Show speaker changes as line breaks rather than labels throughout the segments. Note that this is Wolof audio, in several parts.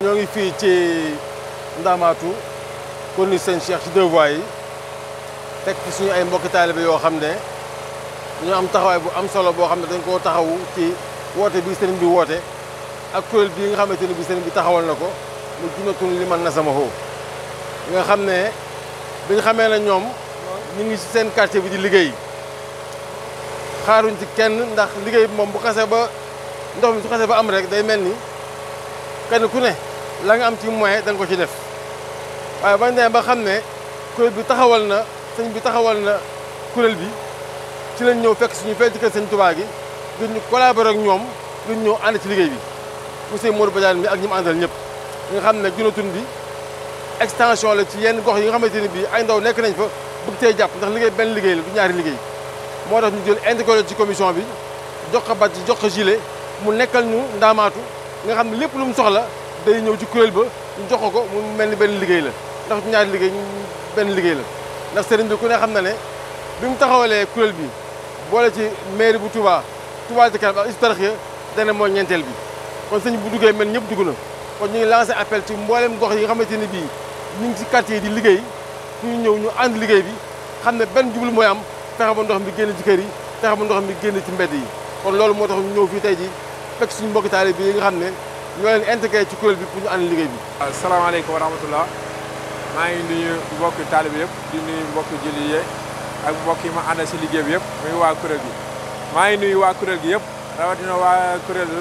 ñoo ngi fii ci Ndamaatu konu seen Cheikh ci deux yi teg fi suñu ay mbokki taalibe yoo xam ne dañoo am taxawaay bu am solo boo xam ne dañ koo taxawu ci woote bi sëriñ bi woote ak kuréel bii nga xamante ne bi seen bi taxawal na ko mu junatun liman na sama xoo nga xam ne biñ xamee ne ñoom ñu ngi ci seen quartier bi di liggéey xaaruñ ci kenn ndax liggéey bi moom bu xasee ba ndox mi su xasee ba am rek day mel ni kenn ku ne la nga am ci moyen da nga ko ci def waaye bañ demee ba xam ne kuréel bi taxawal na sëñ bi taxawal na kuréel bi ci lañ ñëw fekk si ñu ci kër sëñ Tuubaa gi ngir ñu collaborer ak ñoom ngir ñëw ànd ci liggéey bi monsieur Modou Badiane mi ak ñi mu àndal ñëpp nga xam ne junatun bi extension la ci yenn gox yi nga xamante ni bii ay ndaw nekk nañ fa bëgg tey jàpp ndax liggéey benn liggéey la du ñaari liggéey moo tax ñu jël indi ko ci commission bi jox ko bàtt jox ko gilet mu nekkal ñu ndaamaatu nga xam ne lépp lu mu soxla day ñëw ci kuréel ba ñu jox ko mu mel ni benn liggéey la ndax ñaari liggéey benn liggéey la ndax sëriñ bi ku ne xam na ne bi mu taxawalee kuréel bi boole ci mairie bu Touba Touba ci kanam ak Hizbut-Tarqiyyah dana mooy ñeenteel bi kon sëñ bu duggee mel ñëpp dugg na kon ñu ngi lancé appel ci mboolem gox yi nga xamante ni bii ñu ngi kat yi di liggéey ñu ñëw ñu ànd liggéey bi xam ne benn jublu mooy am fexe ba ndox mi génn ci yi fexe ba ndox mi génn ci mbedd yi kon loolu moo tax ñu ñëw fii ji fekk suñu mbokki taalibe yi nga xam ne ñoo leen intégré ci kuréel bi pour ñu ànd liggéey bi. waaw salaamaaleykum wa maa ngi nuyu mbokki taalibe yëpp di nuyu mbokki jullit yi ak mbokk yi ma àndal si liggéey bi yëpp muy waa kuréel gi. maa ngi nuyu waa kuréel gi yëpp rawatina waa kuréel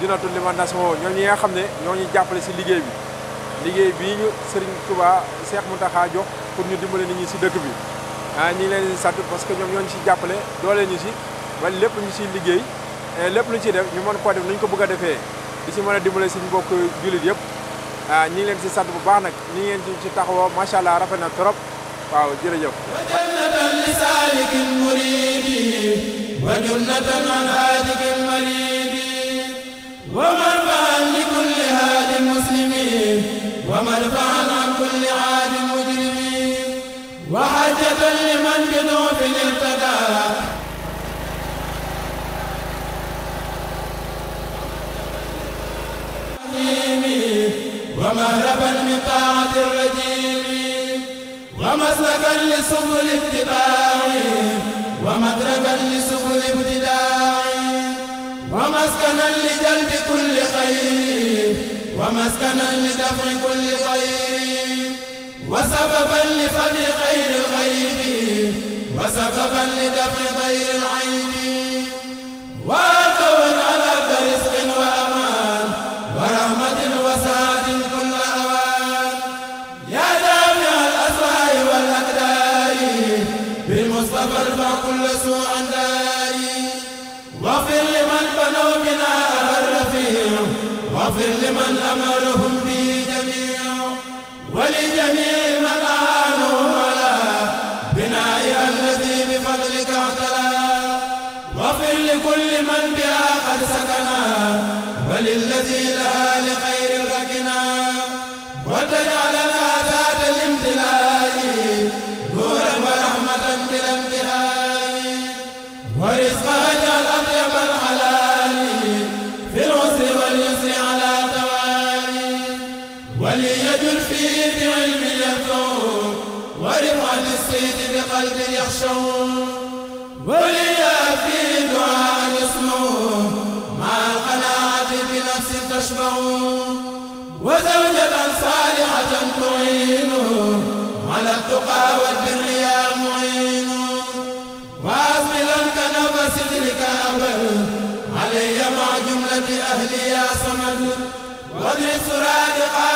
Dinatul Limanas moo ñoo ñi nga xam ne ñoo ñu jàppale si liggéey bi liggéey bii ñu Serigne Touba Cheikh Mountakha jox pour ñu dimbale ni ñi si dëkk bi ah ñu leen di sant parce que ñoom ñoo ñu si jàppale doole ñu si ba lépp ñu si liggéey Eh, lépp lu ciy def ñu mën koo def nañ ko bëgg a defee di si mën a dimbale suñu mbokk jullit yëpp a ah, ñi ngi leen si sant bu baax nag ñi ngi ci taxawoo macha allah rafet na trop waaw jërëjëf. wa
jannatan li saalikin muridi wa jannatan an haadikin maridi wa marfaan li kulli haadin muslimin wa marfaan an kulli haadin mujrimin wa hajjatan liman bi duufin irtadaa ومهربا من طاعة الرجيم ومسلكا لسبل اتباع ومدركا لسبل ابتداع ومسكنا لجلب كل خير ومسكنا لدفع كل خير وسببا لفضل خير الغيب وسببا لدفع خير العين واغفر لمن بنوا بنا أهر فيه واغفر لمن أمرهم به جميع ولجميع من أعانوا على بنائها الذي بفضلك اعتلى واغفر لكل من بها قد سكنا وللذي لها لخير ركنا وتجعل البيت بقلب يخشون ولي في دعاء يسمعون مع القناعة بنفس تشبعون وزوجة صالحة تعين على التقى والبر يا معين وأزملا كنف سدرك أبل علي مع جملة أهلي يا صمد وادرس رادقا